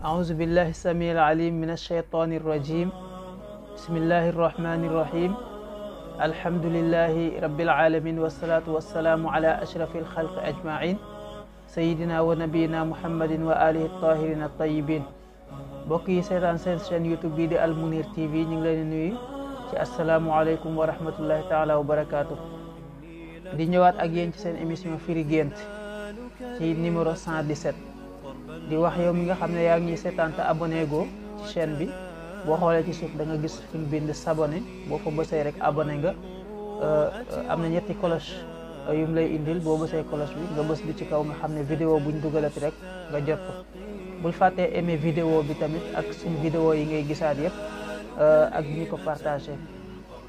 أعوذ بالله السميع العليم من الشيطان الرجيم بسم الله الرحمن الرحيم الحمد لله رب العالمين والصلاة والسلام على أشرف الخلق أجمعين سيدنا ونبينا محمد وآله الطاهرين الطيبين بقي سيران سيرشان يوتيوب بيد المنير تي في نيغلاني السلام عليكم ورحمة الله تعالى وبركاته دي ñëwaat ak yéen ci seen émission firi gént 117 di wax yow mi nga xam ne yaa ngi seetaan te abonné go ci chaîne bi boo xoolee ci suuf da nga gis fi bind s'abonné boo fa bësee rek abonné nga am na ñetti cloche euh, yu mu lay indil boo bësee cloche bi nga bës bi ci kaw nga xam ne vidéo buñ dugalati rek nga jot ko bul fàttee aimé vidéo bi tamit ak suñ vidéo yi ngay gisaat yëpp euh, ak ñu ko partagé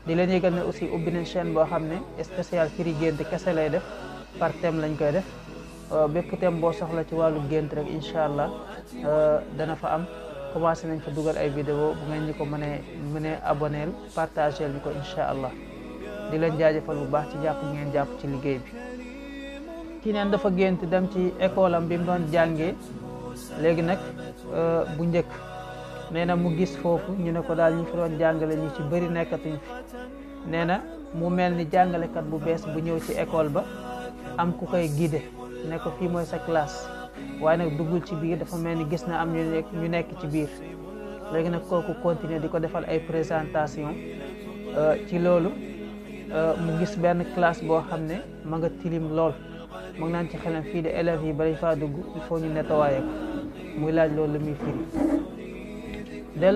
di leen yëgal aussi ubbi nañ chaîne boo xam spécial firi gént kese lay def par thème lañ koy def Euh, bépp thème boo soxla ci wàllu gént rek incha allah euh, dana fa am commencé nañ fa dugal ay vidéo bu ngeen ñu ko mënee mënee aboneel partageel ñu ko incha allah di leen jaajëfal bu baax ci jàpp ngeen jàpp ci liggéey bi. kii neen dafa gént dem ci école am bi mu doon jàngee léegi nag euh, bu njëkk nee na mu gis foofu ñu ne ko daal ñu fi jàngale ñu ci bëri nekkatuñ fi nee na mu mel ni jàngalekat bu bees bu ñëw ci école ba am ku koy guider. ne ko fii mooy sa classe waaye nag duggul ci biir dafa mel gis na am ñu nekk ci biir léegi nag kooku continuer di ko defal ay présentation euh, ci loolu euh, mu gis benn classe boo xam ma nga tilim lol mu ngi naan ci xelam fii de élèves yi bari faa dugg il faut ñu nettoyé ko muy laaj loolu la muy firi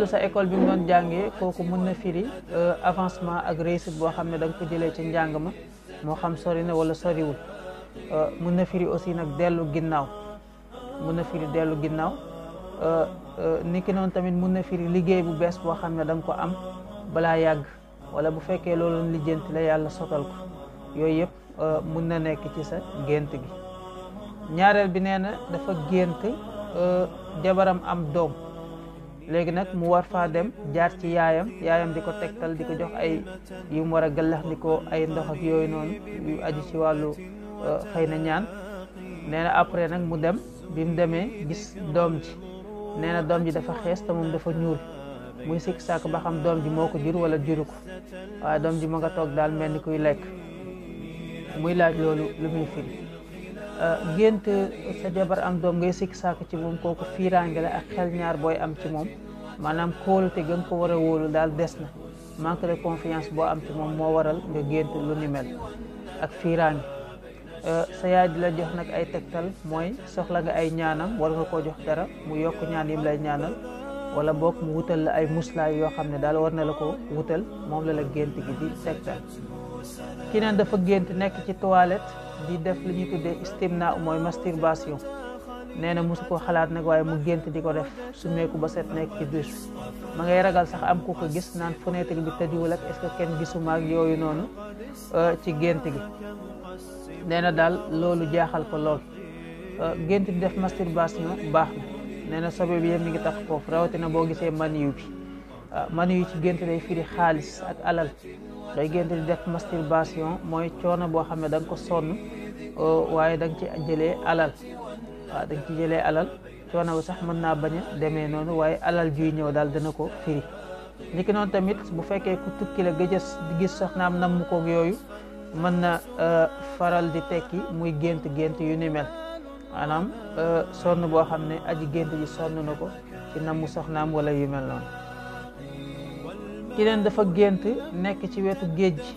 sa école bi mu doon jàngee kooku mën na firi euh, avancement ak réussite boo xam ne ko ci xam sori na wala soriwul Euh, mun na firi aussi nag dellu ginnaaw mun na firi dellu ginnaaw euh, euh, niki noonu tamit mun na firi liggéey bu bees boo xam ne danga nga ko am balaa yàgg wala bu fekkee loolu lijjanti la yàlla sotal ko yooyu yëpp mun na nekk ci sa gént gi ñaareel bi nee na dafa gént jabaram am doom léegi nag mu war faa dem jaar ci yaayam yaayam di ko tegtal di ko jox ay yu war a gëllax ni ko ay ndox yooyu noonu yu ci wàllu xëy na ñaan nee na après nag mu dem bi domji demee gis doom ji nee na ji dafa xees te moom dafa ñuul muy sikk sàkk ba xam doom ji jur wala juru ko domji doom ji ma nga toog daal mel ni kuy lekk muy laaj loolu lu muy firi euh, gént sa jabar am dom ngay sikk sàkk ci moom kooku fiiraange la ak xel ñaar booy am ci moom maanaam kóolute gën ko war a wóolu daal des manque de confiance am ci moom moo waral nga gént lu ni mel ak fiiraange Euh, sa yaay di la jox nag ay tegtal mooy soxla nga ay ñaanam war nga koo jox dara mu yokk ñaan lay ñaanal wala boog mu wutal la ay muslaay yoo xam ne daal war na la ko wutal moom la la gént gi di tegtal ki neen dafa gént nekk ci toilette di def li ñuy tuddee istimna mooy masturbation nee na mosu koo xalaat nag waaye mu gént di ko def su meeku ba set nekk ci douche ma ngay ragal sax am ku ko gis naan fenêtre bi tëddiwul ak est-ce que kenn gisuma yooyu noonu euh, ci gént gi nee na daal loolu jaaxal ko lool euh, gént di def masturbation baax na nee na sobe bi yëpp mi ngi tax foofu rawatina boo gisee maniyu bi euh, maniyu ci gént day firi xaalis ak alal day gént di def masturbation mooy coono boo xam ne da nga ko sonn waaye da nga ci jëlee alal waaw dañ ci jëlee alal coono sax mën naa bañ a demee noonu waaye alal juy ñëw daal dana ko firi niki noonu tamit bu fekkee ku tukki la gëjës gis soxnaam namm ko yooyu mën na euh, faral di tekki muy gént gént yu ni mel maanaam euh, sonn boo xam ne aji gént ji sonn na ko ci nammu soxnaam walla yu mel noonu keneen dafa gént nekk ci wetu géej gi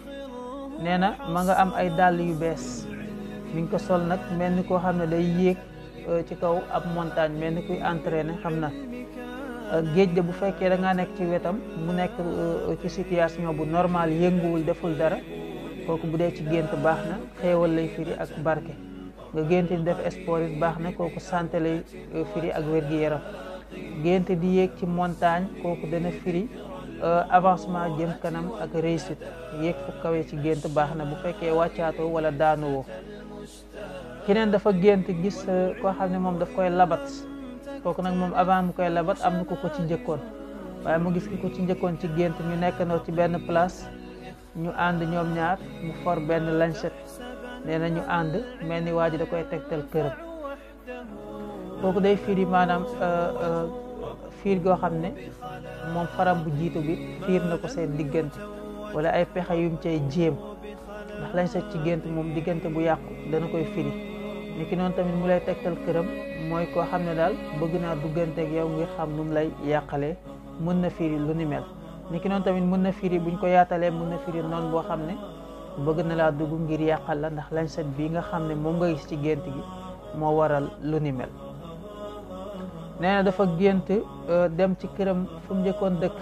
nee na ma nga am ay dàll yu bees mi ngi ko sol nag mel ni koo xam ne day yéeg Euh, ci kaw ab montagne mel ni kuy entraîné xam na euh, géej de bu fekkee da ngaa nekk ci wetam bu nekk euh, ci situation bu normal yënguwul deful dara kooku bu dee ci gént baax na xéewal lay firi ak barke nga gént di def sport it baax na kooku santé lay firi ak wér-gi-yaram gént di yéeg ci montagne kooku dana firi avancement jëm kanam ak réussite yéeg fu kawee ci gént baax na bu fekkee wàccaatoo wala daanuwoo keneen dafa gént gis eh, koo xam ne moom daf koy labat kooku nag moom avant mu koy labat am na ku ko ci njëkkoon waaye mu gis ki ko ci njëkkoon ci gént ñu nekkandoo ci benn place ñu ànd ñoom ñaar mu for benn lancette nee na ñu ànd mel ni waa ji da koy tegtal këram kooku day firi maanaam eh, eh, fiir goo xam ne moom faram bu jiitu bi fiir na ko seen diggante wala ay pexe yum cay jéem ndax lañ ci gént moom diggante bu yàqu dana koy firi ni ki noonu tamit mu lay tegtal këram mooy koo xam ne daal bëgg naa duggante ak yow ngir xam nu lay yàqale mën na firi lu ni mel ni noonu tamit mën na firi buñ ko yaatalee mën na firi noonu boo xam ne bëgg na laa dugg ngir yàqal la ndax lañ set bii nga xam ne moom nga gis ci gént gi moo waral lu ni mel nee dafa gént euh, dem ci këram fu mu njëkkoon dëkk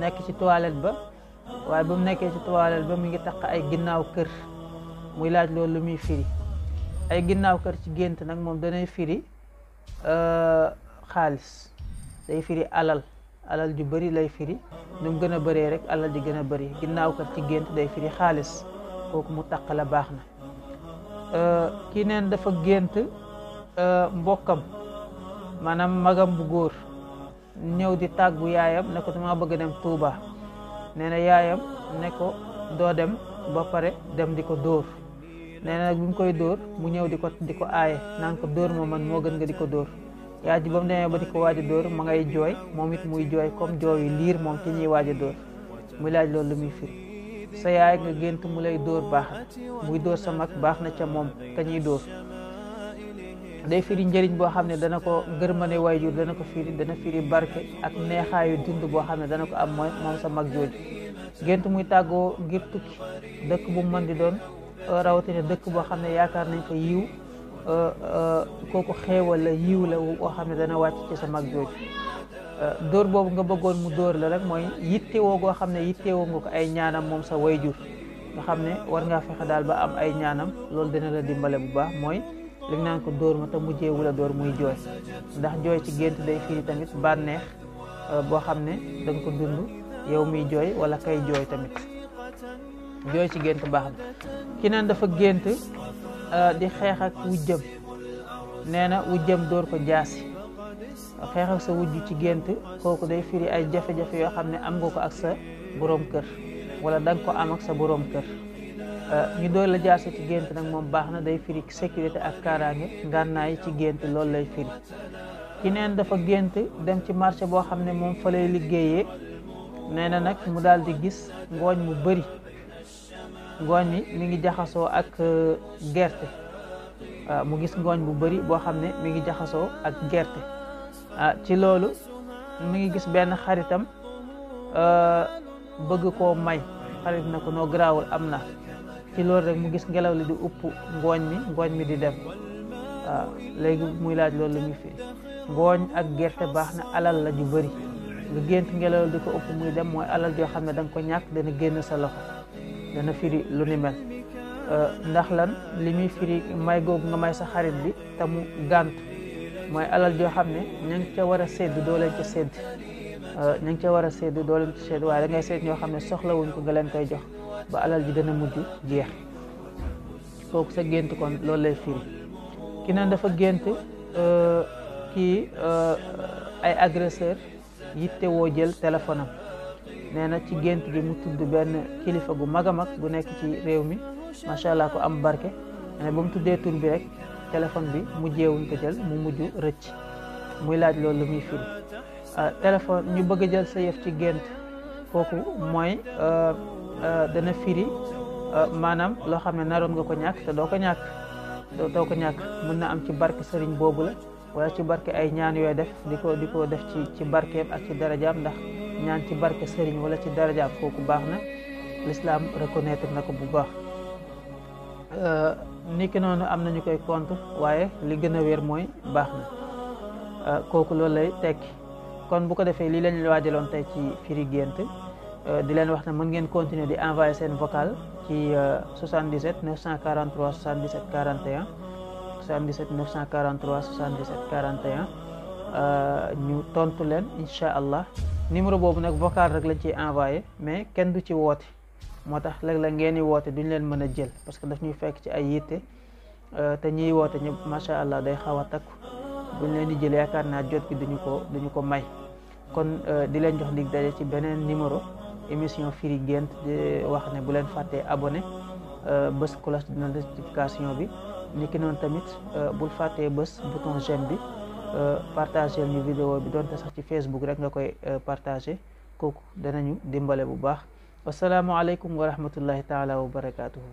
nekk ci toilette ba waaye ba mu nekkee ci toilette ba mu ngi taq ay ginnaaw kër muy laaj loolu lu muy firi ay ginnaaw kër ci gént nag moom danay firi euh, xaalis day firi alal alal ju bari lay firi nu mu gën rek alal ji gën bari bëri ginnaaw kër ci gént day firi xaalis kooku mu taq la baax na euh, kii neen dafa gént euh, mbokkam magam bu góor ñëw di tàggu yaayam ne ko dama bëgg dem Touba nee yaayam ne ko dem ba pare dem di ko nee na nag bi mu koy dóor mu ñëw di ko di ko aaye naan ko dóor ma man moo gën nga di ko dóor yaay ji ba mu ba di ko waaj a dóor ma ngay jooy moom it muy jooy comme jooyu liir moom ci ñuy waaj a dóor muy laaj loolu lu muy firi sa yaay gént mu lay dóor baax muy dóor sa mag baax na ca moom ka ñuy dóor day firi njëriñ boo xam ne dana ko gërmane waajur dana ko firi dana firi barke ak neexaayu dund boo xam ne dana ko am mooy moom sa mag jooju gént muy tàggoo ngir tukki dëkk bu mu mën di doon rawatina dëkk boo xam ne yaakaar nañ fa yiw euh, euh, kooku xeewal la yiw la boo xam ne dana wàcc ci sa mag jooju euh, dóor boobu nga bëggoon mu dóor la rek mooy yittewoo goo xam ne yittewoo nga ko ay ñaanam moom sa way wayjur nga xam ne war ngaa fexe daal ba am ay ñaanam loolu dina la dimbale bu baax mooy li naan ko dóor ma te mujjeewu la dóor muy jooy ndax jooy ci gént day firi tamit bànneex boo xam ne da ko dund yow muy jooy wala kay jooy tamit jooy ci gént baax na ki neen dafa gént euh, di xeex ak wujjam nee na wujjam door ko jaasi xeex ak sa wujj ci gént kooku day firi ay jafe-jafe yoo xam ne am nga ko ak sa borom kër wala da ko am ak sa borom kër euh, ñu door la jaasi ci gént nag moom baax na day firi sécurité ak kaaraange ngànnaay ci gént loolu lay firi ki neen dafa gént dem ci marché boo xam ne moom fa lay liggéeyee nee na nag mu daal di gis ngooñ mu bëri ngooñ mi mi ngi jaxasoo ak euh, gerte waaw mu gis ngooñ bu bari boo xam ne mi ngi jaxasoo ak gerte ah ci loolu mi ngi gis benn xaritam euh, bëgg koo may xarit na ko noo garaawul am na ci loolu rek mu gis ngelaw li di upp ngooñ mi ngooñ mi di dem waaw léegi muy laaj loolu la ñu fi ngooñ ak gerte baax na alal la ju bari nga gént ngelaw di ko upp muy dem mooy alal joo xam ne da ko ñàkk dana génn sa loxo dana firi lu ni mel euh, ndax lan li muy firi may googu nga may sa xarit bi te mu gànt mooy alal joo xam ne ña ngi ca war a sedd doo leen ca sédd euh, ña ngi ca war a sedd doo leen ca sédd waaye da ngay ñoo xam ne soxlawuñ ko nga leen koy jox ba alal ji dana mujj jeex kooku sa gént kon loolu lay firi ki nan dafa gént euh, kii ay agresseur yitte woo jël téléphone nee na ci gént gi mu tudd benn kilifa gu mag a mag gu nekk ci réew mi macha allah ko am barke nee ba mu tuddee tur bi rek téléphone bi mujjeewuñ ko jël mu mujj rëcc muy laaj loolu lu muy firi ah, téléphone ñu bëgg jël sa yëf ci gént kooku mooy euh, euh, dena firi euh, maanaam loo xam ne naroon nga ko ñàkk te doo ko ñàkk doo ko ñàkk mën na am ci barke sëriñ boobu la wala ci barke ay ñaan yooy def di ko di ko def ci ci barkeem ak ci darajaam ndax ñaan ci barke sëriñ wala ci daraja kooku baax na l'islam reconnaître na ko bu baax euh, niki noonu am na ñu koy contre waaye li gën a wér mooy baax na euh, kooku loolu lay tekki kon bu ko defee lii lañu waajaloon tey ci firi gént euh, di leen wax ne mën ngeen continuer di envoyer seen vocal ci 77 943 77 41 77 943 77 41 ñu tontu leen incha allah numéro boobu nag vocal rek lañ ci envoyé mais kenn du ci woote moo tax léeg la ngeen di woote duñ leen mën a jël parce que daf ñuy fekk ci ay yitte euh, te ñuy woote ñëpp macha allah day xaw a takku buñ leen di jël yaakaar naa jot gi duñu ko duñu ko may kon euh, di leen jox dig daje ci beneen numéro émission firi gént di wax ne bu leen fàttee euh, bës bés cloche de notification bi nikki noonu tamit bul fàttee bés bouton j'aime bi Euh, partagel ñu vidéo bi doonte sax ci Facebook rek nga koy euh, partagé kooku danañu dimbale bu baax wasalaamualeykum wa rahmatullahi taala wa barakaatuhu